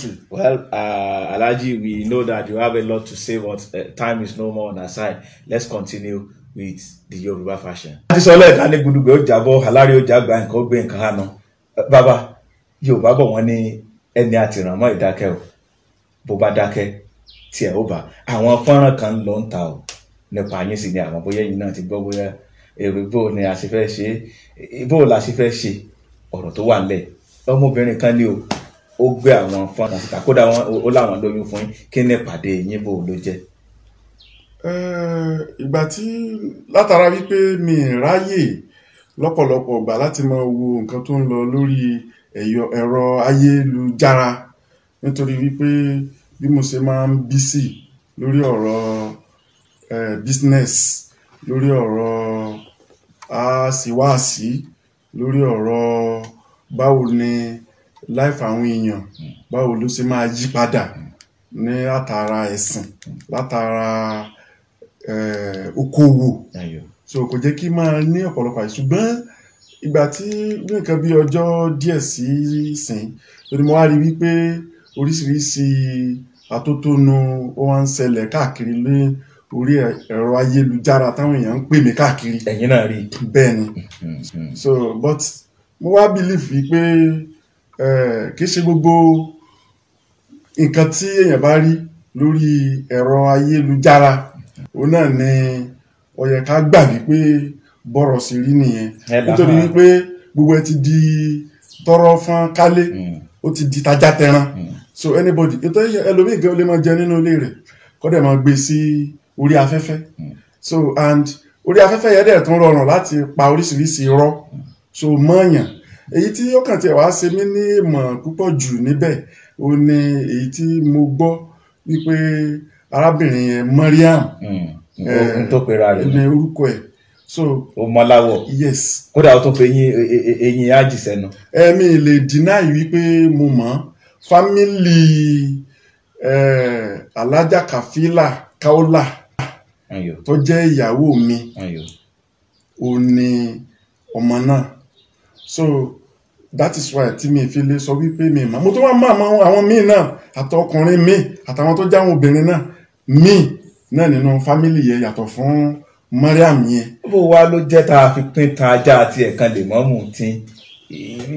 country. Well, uh, Alaji, we know that you have a lot to say, but uh, time is no more on our side. Let's continue with the Yoruba fashion. Láti sọ lẹ́ẹ̀ká ní gbùdùgbẹ́ ó jábọ́, alárí ó bọ̀ wọ́n ní ẹni àtìrànmọ́ ìdákẹ́ o. Bó bá dákẹ́ tí ẹ̀ ó bà. Àwọn fọ́nrán kan ló ń ta o. Nípa yín sì ni àwọn bóyá yìí náà ti gbọ́ bóyá èrò bó ni a ṣe fẹ́ ṣe é. Bó la ṣe fẹ́ ṣe ọ̀rọ̀ tó wà nílẹ̀. Ọmọbìnrin kan ni o ó gbé àwọn fọ́nrán síta kódà ó láwọn lóyún fún yín kí ni ìpàdé yín bò ló jẹ́. ìgbà tí látara wípé mi ì ráyè lọ́pọ̀lọpọ̀ ìgbà láti máa wo nǹkan tó ń lọ lórí ẹ̀rọ ayélujára nítorí wípé bí mo ṣe máa ń bísì lórí ọ̀rọ̀ business lórí ọ̀rọ̀ àṣìwáṣì lórí ọ̀rọ̀ báwo ni life àwọn èèyàn báwo ló ṣe máa yí padà ní látara ẹ̀sìn látara eh, okòwò so kò jẹ́ kí máa ní ọ̀pọ̀lọpọ̀ àìsàn ṣùgbọ́n ìgbà tí ní nǹkan bí ọjọ́ díẹ̀ sí sìn lórí mo wá rí wípé oríṣiríṣi atótónu ó wá ń ṣẹlẹ̀ káàkiri ní orí ẹ̀rọ ayélujára táwọn èèyàn ń pè mí káàkiri. ẹ̀yin náà rí bẹ́ẹ̀ ni mm-hmm. so but mo wá believe wípé. Eh, kì í ṣe gbogbo nǹkan tí èèyàn bá rí lórí ẹ̀rọ ayélujára òun náà ni ó yẹ ká gbà wípé bọ́rọ̀ sí rí nìyẹn nítorí wípé gbogbo ẹ ti di tọrọ fún kálé hmm. ó ti di tajá tẹran hmm. so anybody ètò ẹlòmíì gan lè máa jẹ nínú ilé rẹ̀ kó dẹ̀ máa gbé sí orí afẹ́fẹ́ hmm. so and orí afẹ́fẹ́ yẹn dẹ̀ tún rọrùn láti pa oríṣiríṣi irọ́ so mọ́ọ̀yàn èyí tí ó kàn tiẹ̀ wá se mí ní ìmọ̀ púpọ̀ jù níbẹ̀ ó ní èyí tí mo gbọ́ wípé arábìnrin yẹn Mariam hmm, eh, n tó pera rẹ̀ ní orúkọ ẹ̀ so o mọláwọ yes kódà ó tún fi eyín e- e- e- eyín ájì sẹ́nu. ẹ̀mí eh, lè deny wípé mo mọ̀ fámìlì eh, alájà kàfílà káólà tó jẹ́ ìyàwó mi ò ní ọmọ náà so that is why tí mi fi lè sọ wípé mi mọ̀ mo tó wá mọ àwọn míì náà àtọkùnrin míì àtàwọn tó jáwọn obìnrin náà míì náà nínú fámìlì yẹn yàtọ̀ fún Mariam yẹn. bó wa ló jẹ́ tá a fi pín ta ajá àti ẹ̀kan lè mọ́mù tí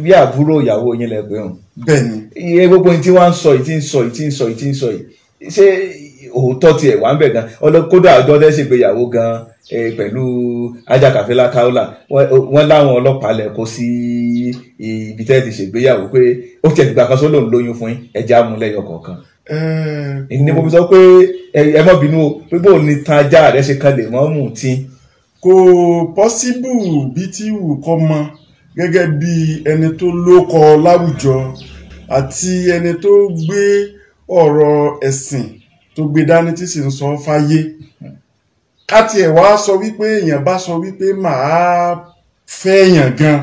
bí àbúrò ìyàwó yín lẹ pé hàn. bẹ́ẹ̀ni. iye gbogbo yìí tí wọ́n ń sọ yìí tí ń sọ yìí ń sọ yìí ń sọ yìí ṣé òótọ́ tiẹ̀ wà ń bẹ̀ gan kódà ọjọ́ tẹ́ ṣègbéyàwó gan pẹ̀lú ajakafela kaola wọ́n láwọn ọlọ́pàá lẹ̀ kó sí ibi tẹ́ ti ṣègbéyàwó pé ó tiẹ̀ gbà kan sólò ń lóyún fún yín ẹja amúlẹ̀yọ kọ̀ọ̀kan. ní mo fi sọ pé ẹ mọ́ bínú o pé bóun ni tan ajá rẹ ṣe kan lè mọ́ mú tí. kò pọ́síbù bí tí wù kọ́ mọ gẹ́gẹ́ bí ẹni tó lóko láwùjọ àti ẹni tó gbé ọ̀rọ̀ ẹ̀sìn tó gbé dání tí sì ń sọ fáyé ká tiẹ̀ wá sọ wípé èèyàn bá sọ wípé màá fẹ́ èèyàn gan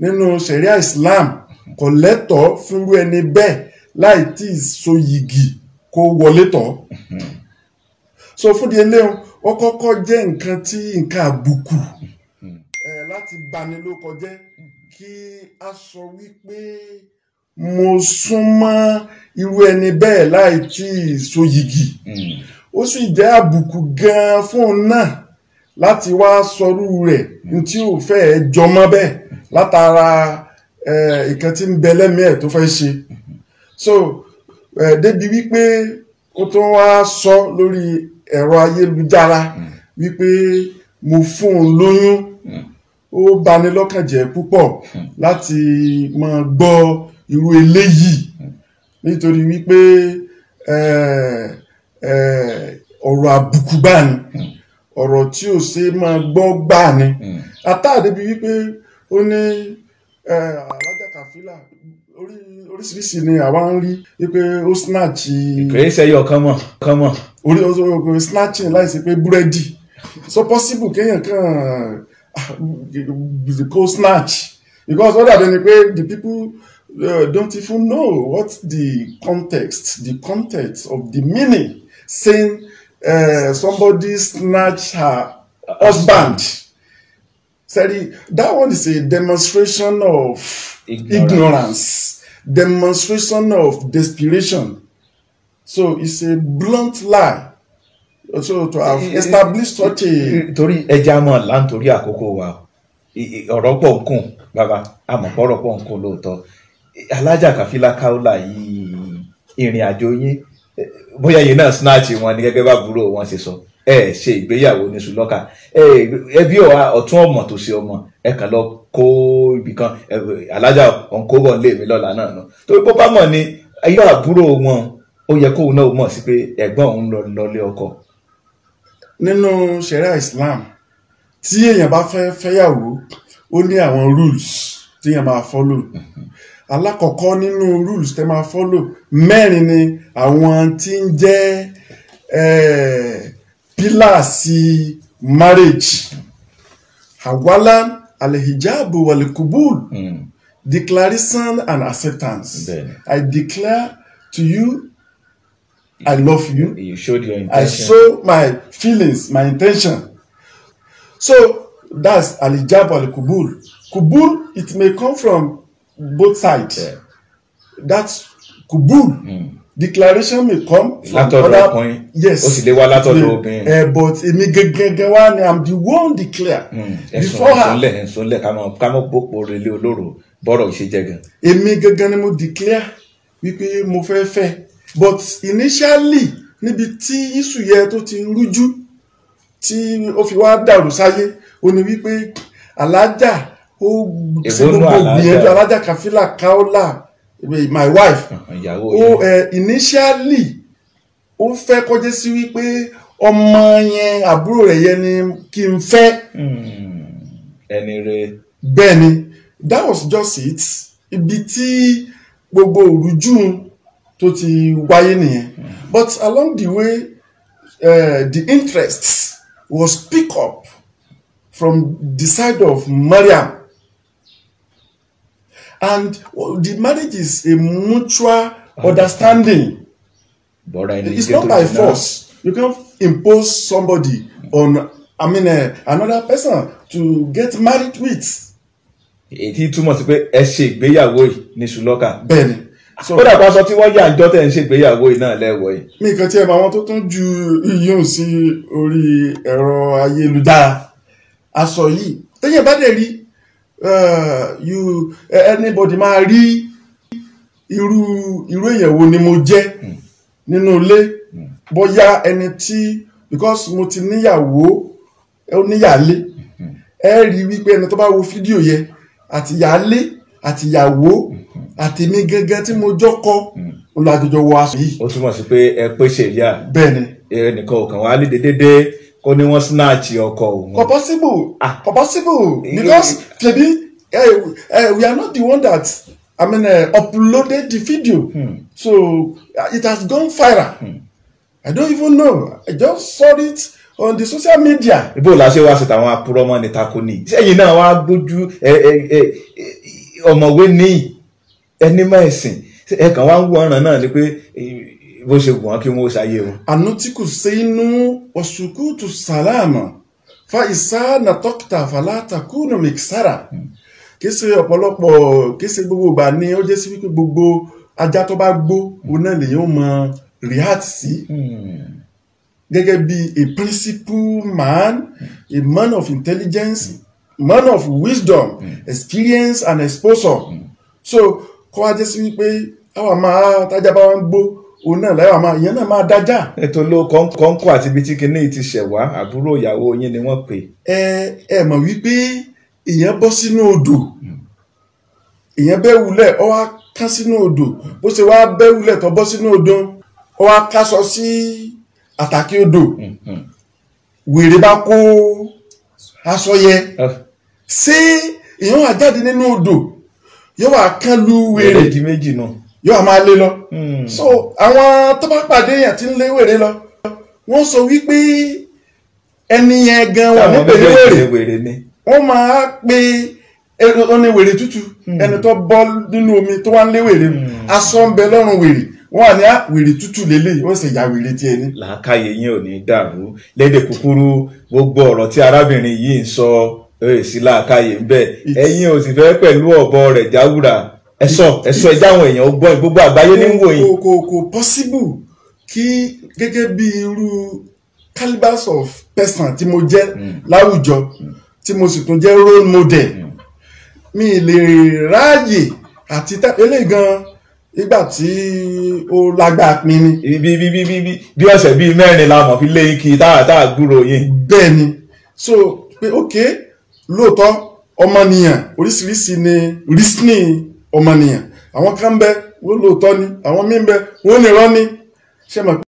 nínú sẹ̀ríà Islam kò lẹ́tọ̀ọ́ fúnrú ẹni bẹ́ẹ̀ láì tí ì so yìgì kó wọlé tọ̀ so fúnni eléyìí ó kọ́kọ́ jẹ́ nǹkan tí nǹkan àbùkù láti bani ló kọjẹ́ kí a sọ wípé mo sún mọ́ irú ẹni bẹ́ẹ̀ láì tí ì sóyigi hmm. ó sì jẹ́ àbùkù gan-an fún un náà láti wá sọrú rẹ̀ ní tí ò fẹ́ jọmọ bẹ́ẹ̀ látara nǹkan tí ń bẹ lẹ́mìí ẹ̀ tó fẹ́ ṣe so uh, débi wípé ó tún wá sọ lórí ẹ̀rọ ayélujára hmm. wípé mo fún un lóyún hmm. ó bani lọ́kàn jẹ́ púpọ̀ láti máa gbọ́ irú eléyìí nítorí wípé ọ̀rọ̀ àbùkù gbà ni ọ̀rọ̀ tí ò ṣe máa gbọ́ gbà ni àtàdé bíi wípé ó ní alájà kàfílà oríṣiríṣi ni àwa ń rí wípé ó snatch. kìí ṣe ẹyọ kan orí ọsọ snatching láìsí pé búrẹ́dì so possible kéèyàn kàn ah, kó snatch because ó dàbí ni pé the people uh, don't even know what the context, the context of the meaning, saying uh, somebody snatched her husband. Sorry, that one is a demonstration of ignorance, ignorance demonstration of desperation. So it's a blunt lie. So to have established such a. Torí ẹja mọ̀ láǹtorí àkókò wa, ọ̀rọ̀ pọ̀ ń kùn bàbá, àmọ̀ ọ̀rọ̀ pọ̀ ń kùn lóòótọ́ alájà kàfílà káúlà yìí ìrìn àjò yín bóyá yìí náà snatch wọn ni gẹ́gẹ́ bá burú wọn ṣe sọ ẹ ṣe ìgbéyàwó ní sùlọ́kà ẹ bí ọ̀tún ọmọ tó ṣe ọmọ ẹ kàn lọ kó ibìkan alájà ònkóbọ̀ lé mi lọ́la náà nù torí bó bá mọ̀ ni ayé àbúrò wọn ó yẹ kóun náà mọ̀ sí pé ẹ̀gbọ́n òun lọ lọlé ọkọ. nínú ṣẹ̀ríà Islam tí èèyàn bá fẹ́ fẹ́yàwó ó ní àwọn rules tí èèyàn máa follow mm-hmm alákọ̀ọ́kọ́ nínú rules tẹ́ máa follow mẹ́rin ni àwọn tí ń jẹ́ eh, pílàsì marriage hawala alihijabu walikubul mm. declaration and acceptance Then. I declare to you I love you. You showed your intention. I show my feelings, my intention. So that's alijab al kubul. Kubul, it may come from both sides. Yeah. That's kubul. Mm. Declaration may come from other point. yes. Ó sì lè wá látọ̀dọ̀ obìnrin. Ẹ eh, but èmi gangan wá ni I'm the one declare. Hmm. Before her. Ẹ̀sùn ẹ̀sùnlẹ̀ ká mọ̀ pópó relé olóró bọ́rọ̀ ṣe jẹ gan. Èmi gangan ni mo declare wípé mo fẹ́ fẹ́ but initially níbi tí iṣu yẹ tó ti rújú tí ó fi wá dàrú sáyé ó ní wípé alájà ó ṣe gbogbo gbìyànjú alájà kàfílà káólà my wife ah, ó ẹ eh, initially ó fẹ́ kọjá sí wípé ọmọ yẹn àbúrò rẹ̀ yẹn ni kí n fẹ́. Hmm. ẹni re. bẹ́ẹ̀ that was just it ibi tí gbogbo òrùjú tó ti wáyé nìyẹn hmm. but along the way uh, the interest was pick up from the side of Mariam and the marriage is a mutual understanding bọ́ra ẹni it's not by force you can impose somebody on i mean uh, another person to get married with. èyí túmọ̀ sí pé ẹ ṣe ìgbéyàwó yìí ní ṣùlọ́kà. bẹ́ẹ̀ni. kódà kan sọ tí wọ́n yà ńjọ́ tẹ̀ ń ṣe ìgbéyàwó yìí náà lẹ́wọ̀ yìí. mi kàn tiẹ̀ mọ àwọn tó tún ju iyún sí orí ẹ̀rọ ayélujára aṣọ yìí tẹ́yìn bá dẹ̀ rí uh, you eh, anybody máa rí irú irú èèyàn wo ni mo jẹ́ hmm. nínú ilé hmm. bóyá ẹni tí because mo ti níyàwó ó níyàálé hmm. ẹ rí wípé ẹni tó bá wo fídíò yẹ àtìyàálé àtìyàwó àtèmi gangan tí mo jọkọ olùdójọ wọ aṣọ yìí. ó túmọ̀ sí pé ẹ pèsè ìyá bẹ́ẹ̀ ni ẹnìkan ò kàn wá lédè kó ní wọ́n snatch ọkọ òun. kò possible ah. kò possible because tẹbi uh, eh, uh, eh, we are not the one that I mean, uh, uploaded the video hmm. so uh, it has gone viral hmm. I don't even know I just saw it on the social media. ibo la ṣe wá sí tàwọn apurọmọ ní takoni sẹ́yìn náà wàá gbójú ọmọwé ní ẹni máa ẹsìn ẹ kàn wá ń wọ ọ̀ràn náà ni pé bó ṣe wọ́n kí wọ́n ṣayé wọn. ànútíkù ṣe inú ọ̀ṣùkútù sàlámà fa ìsáànà tọ́kítà fàlátà kúnà mìksára kì í ṣe ọ̀pọ̀lọpọ̀ kì í ṣe gbogbo ìgbà ni ó jẹ́ sí wípé gbogbo ajá tó bá gbó òun náà lèyìn ó mọ react sí gẹ́gẹ́ bí a principle man a man of intelligence man of wisdom experience and exposure so kọ́ ajẹ́ sí wípé àwọn máa tájà bá wọn gbó òun náà láyọ̀ àmọ́ ìyẹn náà máa dájà. ètò ló kọ́ńkọ́ àti ibi tí kinní ti ṣẹ̀ wá àbúrò ìyàwó yín ni wọ́n pè. ẹ ẹ mọ̀ wípé ìyẹn bọ́ sínú odò ìyẹn bẹ́ wulẹ̀ ọ wá ká sínú odò bó ṣe wá bẹ́ wulẹ̀ tó bọ́ sínú odò ọ wá kásọ sí àtàkì odò mm-hmm. wèrè bá kó aṣọ yẹ ṣé ìyẹn wà jáde nínú odò yóò wá kán lu wèrè. wèrè di méjì náà yóò máa lé lọ. Hmm. so àwọn tó bá pàdé yẹn ti ń lé wèrè lọ wọ́n sọ wípé ẹni yẹn gan wà ní pèlè wèrè wọ́n máa pe ẹni wèrè tútù hmm. ẹni tó bọ́ nínú omi tó wá ń lé wèrè hmm. aṣọ ń bẹ lọ́rùn wèrè wọ́n à ní wèrè tútù lélẹ̀ ó sì ya wèrè tí ẹni. làákàyè yín ò ní dàrú lédè kúkúrú gbogbo ọ̀rọ̀ tí arábìnrin yìí ń sọ èsì làákàyè ń bẹ ẹ̀yin ò sì fẹ́ pẹ̀lú ọ̀bọ rẹ̀ jáwúra ẹ sọ ẹ sọ ẹ jáwọn èèyàn gbọ́ gbogbo àgbáyé ní wòye. kò kò kò possible kí gẹ́gẹ́ bí irú calibers of person tí mo jẹ́ hmm. láwùjọ tí mo sì tún jẹ́ role model hmm. mi lè ráàyè àti eléyìí gan-an nígbà tí ó lágbára pin ni. ibi bí bí bí bí ọ̀sẹ̀ bíi mẹ́rin la mọ̀ fi lé ike táà táà gbúrò yín. bẹ́ẹ̀ ni so pé ok lóòótọ́ ọmọnìyàn oríṣiríṣi ni reasoning ọmọnìyàn àwọn kan ń bẹ wọ́n lóòótọ́ ni àwọn míì ń bẹ wọ́n ní irọ́ ni ṣé mọ̀